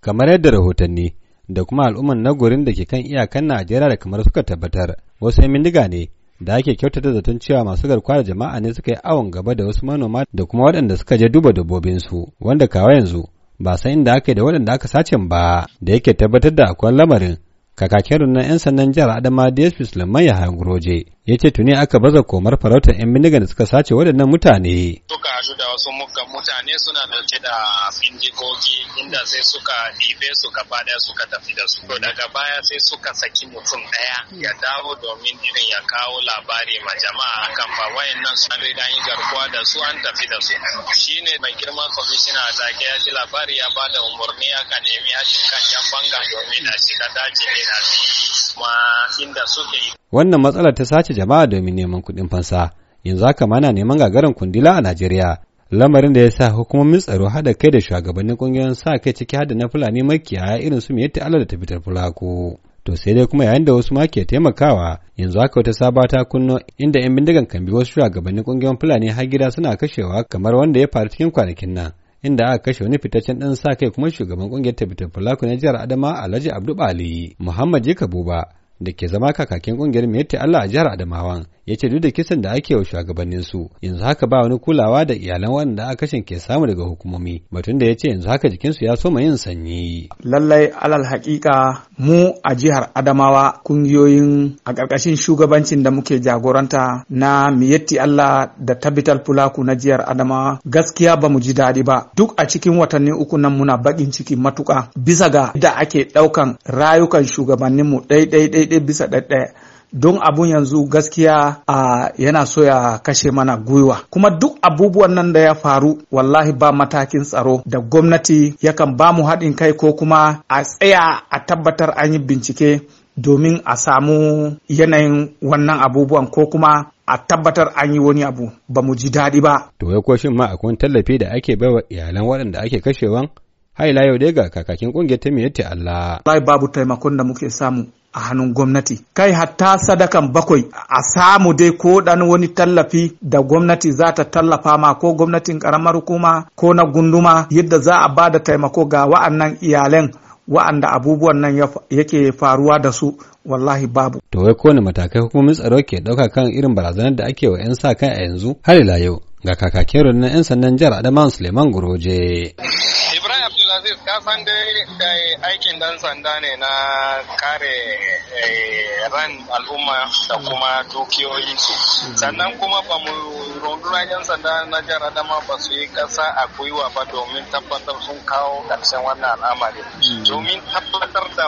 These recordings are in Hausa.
kamar yadda rahotanni da kuma al'umman na gurin da ke kan iyakan Najeriya da kamar suka tabbatar wasu yan ne da ake kyautata zaton cewa masu garkuwa da jama'a ne suka yi awon gaba da wasu manoma da kuma waɗanda suka je duba dabbobinsu wanda kawa yanzu ba san inda aka yi da waɗanda aka sace ba da yake tabbatar da akwai lamarin kakakin na 'yan sannan jihar adama dsp suleiman yahaya guroje ya ce tuni aka baza komar farautar 'yan bindiga da suka sace waɗannan mutane suka haɗu da wasu mutane suna da bindigogi nan sai suka ɗibe su gaba ɗaya suka tafi da su to daga baya sai suka saki mutum ɗaya ya dawo domin irin ya kawo labari ma jama'a akan ba nan su an riga yi garkuwa da su an tafi da su Shi ne mai girman kwamishina a take ya ji labari ya ba da umarni aka nemi haɗin kan yan banga domin a shiga daji ne na kuma inda suke wannan matsalar ta sace jama'a domin neman kuɗin fansa yanzu haka mana neman gagarin kundila a Najeriya lamarin da ya sa hukumomin tsaro haɗa kai da shugabannin ƙungiyoyin sa kai ciki hada na fulani makiyaya irin su mai Allah da tafitar fulako. To sai dai kuma yayin da wasu ma ke taimakawa yanzu haka wata saba ta kunno inda 'yan bindigan kan bi wasu shugabannin ƙungiyoyin fulani har gida suna kashewa kamar wanda ya faru cikin kwanakin nan. inda aka kashe wani fitaccen ɗan sa kai kuma shugaban ƙungiyar tafitar fulako na jihar Adama Alhaji Abdu Ali Muhammad Jika Buba da ke zama kakakin ƙungiyar Mete Allah a jihar Adamawan ya ce duk da kisan da ake wa shugabannin su yanzu haka ba wani kulawa da iyalan wanda aka kashin ke samu daga hukumomi batun da ya ce yanzu haka jikinsu ya soma yin sanyi lallai alal hakika mu a jihar adamawa kungiyoyin a ƙarƙashin shugabancin da muke jagoranta na miyetti allah da tabital fulaku na jihar adamawa gaskiya ba mu ji daɗi ba duk a cikin watanni uku nan muna baƙin ciki matuƙa bisa ga da ake ɗaukan rayukan shugabanninmu ɗai ɗai ɗai bisa ɗai don abun yanzu gaskiya a yana so ya kashe mana gwiwa kuma duk abubuwan nan da ya faru wallahi ba matakin tsaro da gwamnati yakan ba mu haɗin kai ko kuma a tsaya a tabbatar an yi bincike domin a samu yanayin wannan abubuwan ko kuma a tabbatar an yi wani abu ba mu ji daɗi ba. To ya ko shin ma akwai tallafi da ake baiwa iyalan waɗanda ake kashewan? har ila yau dai ga kakakin kungiyar ta miyatti Allah. Bai babu taimakon da muke samu a hannun gwamnati. Kai hatta sadakan bakwai a samu dai ko dan wani tallafi da gwamnati za ta tallafa ma ko gwamnatin karamar hukuma ko na gunduma yadda za a ba da taimako ga wa'annan iyalan wa'anda abubuwan nan yake faruwa da su wallahi babu. To wai kowane matakai hukumomin tsaro ke ɗauka kan irin barazanar da ake wa 'yan sa kai a yanzu? Har ila yau ga kakakin na 'yan sandan jihar Adamawa Suleiman Guroje. Abdulaziz ka san dai aikin dan sanda ne na kare eh, ran al'umma da kuma su. Sannan kuma ba mu rundunar 'yan sanda na jihar Adama ba su yi ƙasa a gwiwa ba domin tabbatar sun kawo ƙarshen wannan al'amari. Hmm. Domin tabbatar da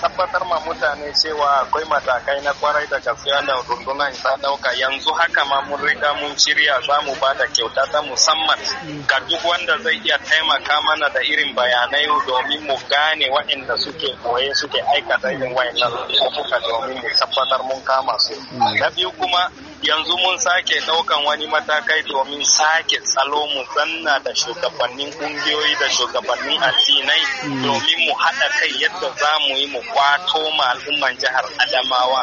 tabbatar ma mutane cewa akwai matakai na kwarai da gaskiya da rundunar ta dauka yanzu haka ma mun riga mun shirya za mu ba da kyauta ta musamman ga duk wanda zai iya taimaka mana da irin bayanai domin mu gane waɗanda suke koye suke aikata irin wayannan laifuka domin mu tabbatar mun kama su na biyu kuma yanzu mun sake daukan wani matakai domin sake tsalo mu zanna da shugabannin kungiyoyi da shugabannin addinai hmm. domin mu haɗa kai yadda za mu yi mu kwato ma al'umman jihar adamawa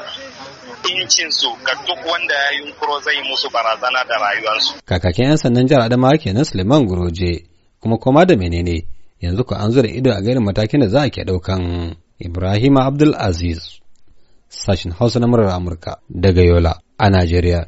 incinsu ga duk wanda ya yunkuro zai musu barazana da rayuwarsu. Kakakin 'yan sandan jihar Adamawa kenan Suleiman Guroje kuma koma da menene yanzu ko an zura ido a gairin matakin da za a ke ɗaukan Ibrahim AbdulAziz, Sashen Hausa na murar Amurka daga Yola. a Najeriya.